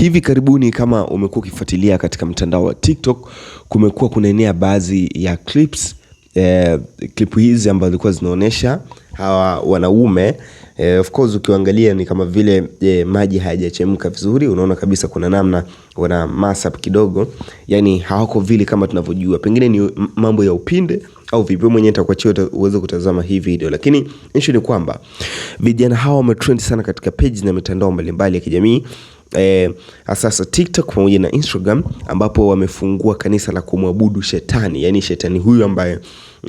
Hivi karibuni kama umekuwa ukifuatilia katika mtandao wa TikTok, kumekuwa kunaenea baadhi ya clips eh, clip hizi ambazo zilikuwa zinaonyesha hawa wanaume eh, of course ukiangalia ni kama vile eh, maji hayajachemka vizuri, unaona kabisa kuna namna wana mess up kidogo, yani hawako vile kama tunavyojua, pengine ni mambo ya upinde au vipi? Mwenyewe nitakuachia uweze kutazama hii video, lakini issue ni kwamba vijana hawa wametrend sana katika page na mitandao mbalimbali ya kijamii eh, sasa TikTok pamoja na Instagram ambapo wamefungua kanisa la kumwabudu shetani, yani shetani huyu ambaye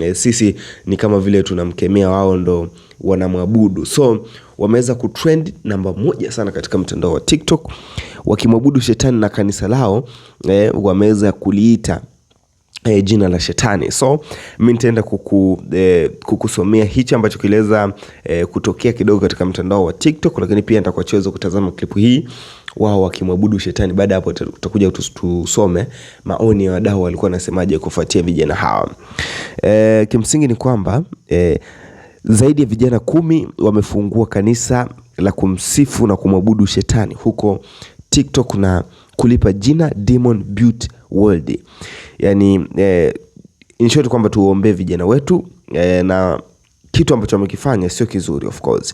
eh, sisi ni kama vile tunamkemea, wao ndo wanamwabudu. So wameweza kutrend namba moja sana katika mtandao wa TikTok wakimwabudu shetani na kanisa lao eh, wameweza kuliita E, jina la shetani. So mi nitaenda kuku, e, kukusomea hichi ambacho kiliweza e, kutokea kidogo katika mtandao wa TikTok, lakini pia nitakuachaweza kutazama klipu hii wao wakimwabudu shetani. Baada ya hapo, tutakuja tusome maoni ya wadau walikuwa wanasemaje kufuatia vijana hawa. E, kimsingi ni kwamba e, zaidi ya vijana kumi wamefungua kanisa la kumsifu na kumwabudu shetani huko TikTok na kulipa jina Demon Beauty World. Yani eh, in short kwamba tuombe vijana wetu eh, na kitu ambacho wamekifanya sio kizuri of course.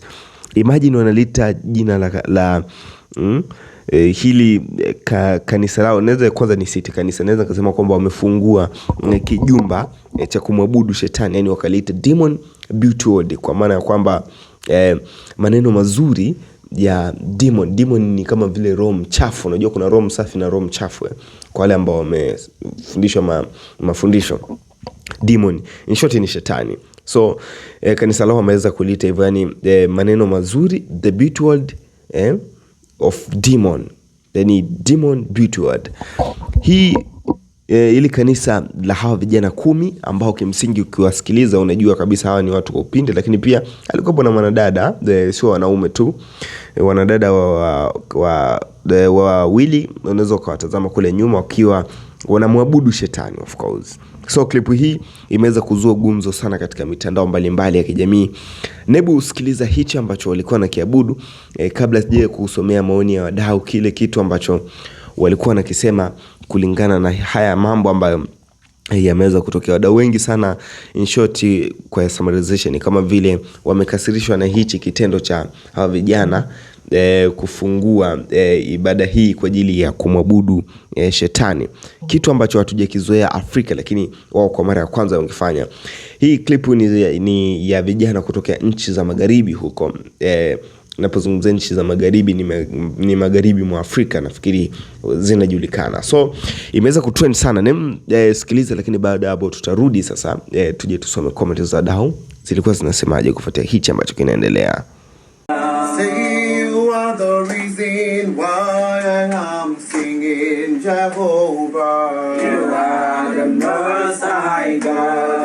Imagine wanalita jina la, la mm, eh, hili eh, ka, kanisa lao naweza kwanza ni city kanisa, naweza kusema kwamba wamefungua eh, kijumba eh, cha kumwabudu shetani, yani wakaliita Demon Beauty World, kwa maana ya kwamba eh, maneno mazuri ya demon. Demon ni kama vile roho mchafu. Unajua kuna roho msafi na roho mchafu, eh, kwa wale ambao wamefundishwa ma, mafundisho demon in short ni shetani. So eh, kanisa lao wameweza kuliita hivyo, yani eh, maneno mazuri the beauty world eh, of demon, yani demon beauty world hii E, ili kanisa la hawa vijana kumi ambao kimsingi ukiwasikiliza unajua kabisa hawa ni watu wa upinde, lakini pia alikuwepo na mwanadada, e, sio wanaume tu, e, wanadada wawili wa, wa e, unaweza ukawatazama kule nyuma wakiwa wanamwabudu shetani of course. So klipu hii imeweza kuzua gumzo sana katika mitandao mbalimbali ya kijamii. Nebu usikiliza hichi ambacho walikuwa na kiabudu e, kabla sije kusomea maoni ya wadau, kile kitu ambacho walikuwa nakisema kulingana na haya mambo ambayo eh, yameweza kutokea. Wadau wengi sana, in short, kwa summarization, kama vile wamekasirishwa na hichi kitendo cha hawa vijana E, kufungua e, ibada hii kwa ajili ya kumwabudu e, shetani, kitu ambacho hatujakizoea Afrika, lakini wao kwa mara ya kwanza wangefanya. Hii klipu ni, ni ya vijana kutokea nchi za magharibi huko e, napozungumzia nchi za magharibi ni, ma, ni magharibi mwa Afrika nafikiri zinajulikana, so imeweza kutrend sana nem. eh, sikiliza, lakini baada ya hapo tutarudi sasa, eh, tuje tusome comment za dau zilikuwa zinasemaje kufuatia hichi ambacho kinaendelea. Jehovah, you are the most high God.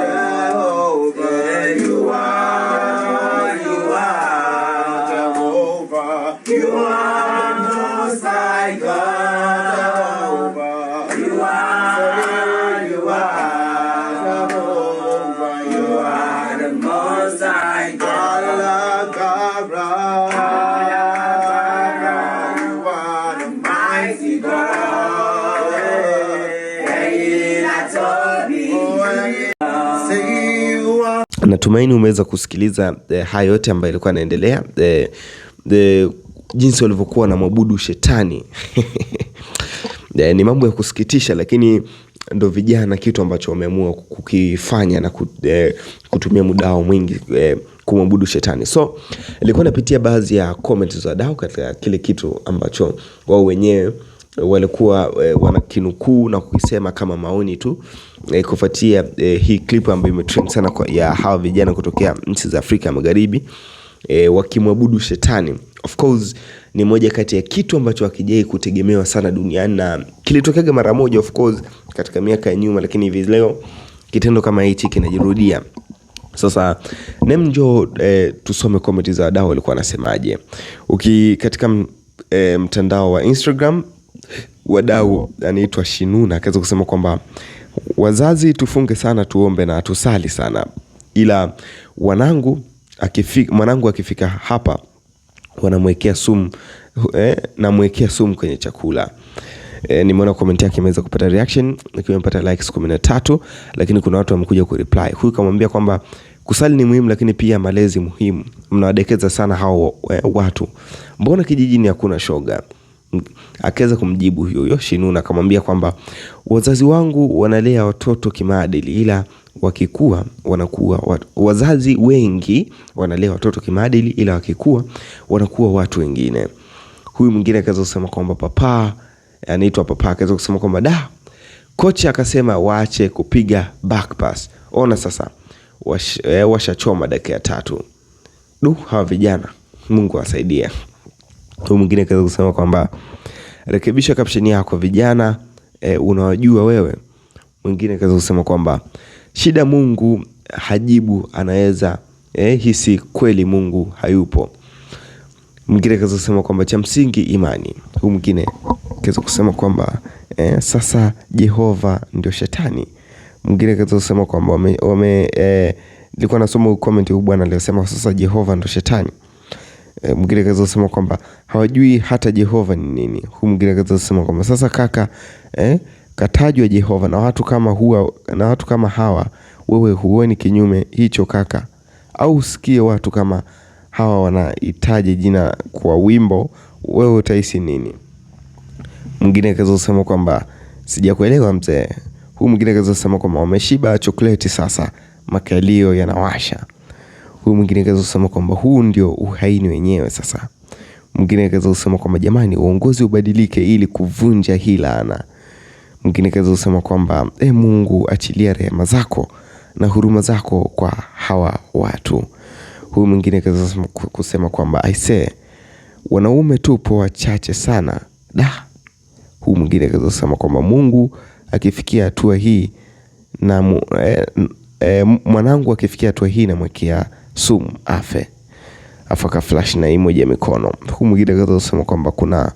Natumaini umeweza kusikiliza eh, haya yote ambayo ilikuwa inaendelea eh, eh, jinsi walivyokuwa na mwabudu shetani eh, ni mambo ya kusikitisha, lakini ndo vijana kitu ambacho wameamua kukifanya na eh, kutumia muda wao mwingi eh, kumwabudu shetani. So ilikuwa napitia baadhi ya comments za wadau katika kile kitu ambacho wao wenyewe walikuwa e, wanakinukuu na kukisema kama maoni tu e, kufuatia e, hii clip ambayo imetrend sana kwa, ya hawa vijana kutokea nchi za Afrika ya Magharibi e, wakimwabudu shetani. Of course ni moja kati ya kitu ambacho hakijai kutegemewa sana duniani na kilitokea mara moja of course katika miaka ya nyuma, lakini hivi leo kitendo kama hichi kinajirudia. Sasa nemjo e, tusome comment za wadau walikuwa wanasemaje. Uki katika e, mtandao wa Instagram wadau anaitwa Shinuna akaweza kusema kwamba wazazi tufunge sana, tuombe na tusali sana, ila wanangu akifika, mwanangu akifika hapa wanamwekea sumu eh, namwekea sumu kwenye chakula E, Nimeona komenti yake imeweza kupata reaction ikiwa imepata likes 13 lakini kuna watu wamekuja ku reply. Huyu kamwambia kwamba kusali ni muhimu, lakini pia malezi muhimu. Mnawadekeza sana hao e, watu, mbona kijijini hakuna shoga? akaweza kumjibu huyo huyo akamwambia kwamba wazazi wangu wanalea watoto kimaadili, ila wakikua wanakuwa watu. wazazi wengi wanalea watoto kimaadili, ila wakikua wanakuwa watu wengine. Huyu mwingine akaweza kusema kwamba papa, anaitwa papa, akaweza kusema kwamba da, kocha akasema waache kupiga back pass. Ona sasa eh, washachoma washa dakika ya tatu. Du, hawa vijana, Mungu awasaidie. Huyu mwingine kaweza kusema kwamba rekebisha caption yako vijana e, unawajua wewe. Mwingine kaweza kusema kwamba shida Mungu hajibu anaweza e, hisi kweli Mungu hayupo. Mwingine kaweza kusema kwamba cha msingi imani. Huyu mwingine kaweza kusema kwamba e, sasa Jehova ndio shetani. Mwingine kaweza kusema kwamba wame, wame e, nilikuwa nasoma comment huyu bwana aliyosema sasa Jehova ndo shetani. Eh, mwingine kaza kusema kwamba hawajui hata Jehova ni nini. Huyu mwingine kaza kusema kwamba sasa kaka eh, katajwa Jehova na watu kama huwa, na watu kama hawa wewe huoni kinyume hicho kaka, au usikie watu kama hawa wanahitaji jina kwa wimbo, wewe utahisi nini? Mwingine kaza kusema kwamba sijakuelewa mzee. Huyu mwingine kaza kusema kwamba wameshiba chokoleti sasa makalio yanawasha. Huyu mwingine akaweza kusema kwamba huu ndio uhaini wenyewe. Sasa mwingine akaweza kusema kwamba jamani, uongozi ubadilike ili kuvunja hii laana. Mwingine akaweza kusema kwamba e, Mungu achilia rehema zako na huruma zako kwa hawa watu. Huyu mwingine akaweza kusema kwamba aisee, wanaume tupo wachache sana da. Huyu mwingine akaweza kusema kwamba Mungu akifikia hatua hii na e, e, mwanangu akifikia hatua hii namwekea sum afe. Afu aka flash na emoji ya mikono. Huku mwingine kaza kusema kwamba kuna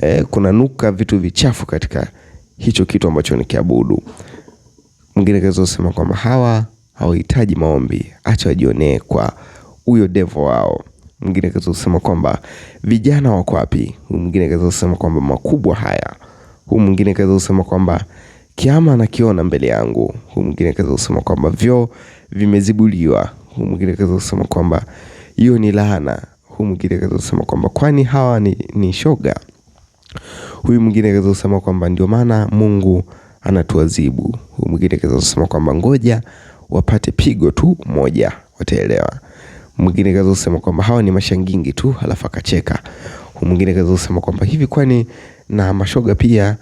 eh, kuna nuka vitu vichafu katika hicho kitu ambacho ni kiabudu. Mwingine kaza kusema kwamba hawa hawahitaji maombi, acha wajionee kwa huyo devo wao. Mwingine kaza kusema kwamba vijana wako wapi? Huyu mwingine kaza kusema kwamba makubwa haya. Huyu mwingine kaza kusema kwamba kiama nakiona mbele yangu. Huyu mwingine kaza kusema kwamba vyoo vimezibuliwa huu mwingine akaweza kusema kwamba hiyo ni laana, huu mwingine akaweza kusema kwamba kwani hawa ni, ni shoga. Huyu mwingine akaweza kusema kwamba ndio maana Mungu anatuadhibu. Huyu mwingine akaweza kusema kwamba ngoja wapate pigo tu moja wataelewa. Mwingine kaweza kusema kwamba hawa ni mashangingi tu, halafu akacheka. Mwingine kaweza kusema kwamba hivi kwani na mashoga pia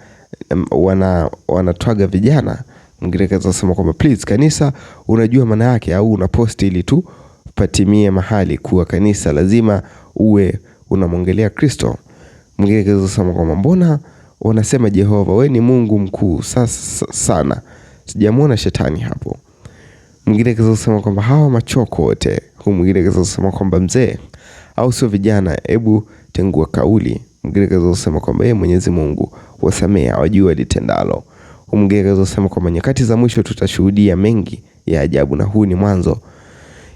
wana wanatwaga vijana Mwingine kaza sema kwamba please kanisa, unajua maana yake au unaposti ili tu patimie mahali kuwa kanisa lazima uwe unamwongelea Kristo. Mwingine kaza sema kwamba mbona wanasema Jehova, we ni Mungu mkuu sasa sana, Sijamuona shetani hapo. Mwingine kaza kusema kwamba hawa machoko wote. Huyu mwingine kaza kusema kwamba mzee au sio, vijana, hebu tengua kauli. Mwingine kaza kusema kwamba yeye Mwenyezi Mungu wasamee, hawajui walitendalo huku Mgege alizosema kwamba nyakati za mwisho tutashuhudia mengi ya ajabu na huu ni mwanzo.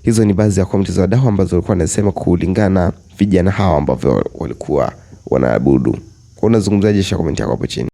Hizo ni baadhi ya komenti za wadau ambazo walikuwa wanasema kulingana vijana hawa ambavyo walikuwa wanaabudu. Unazungumzaje? Komenti yako hapo chini.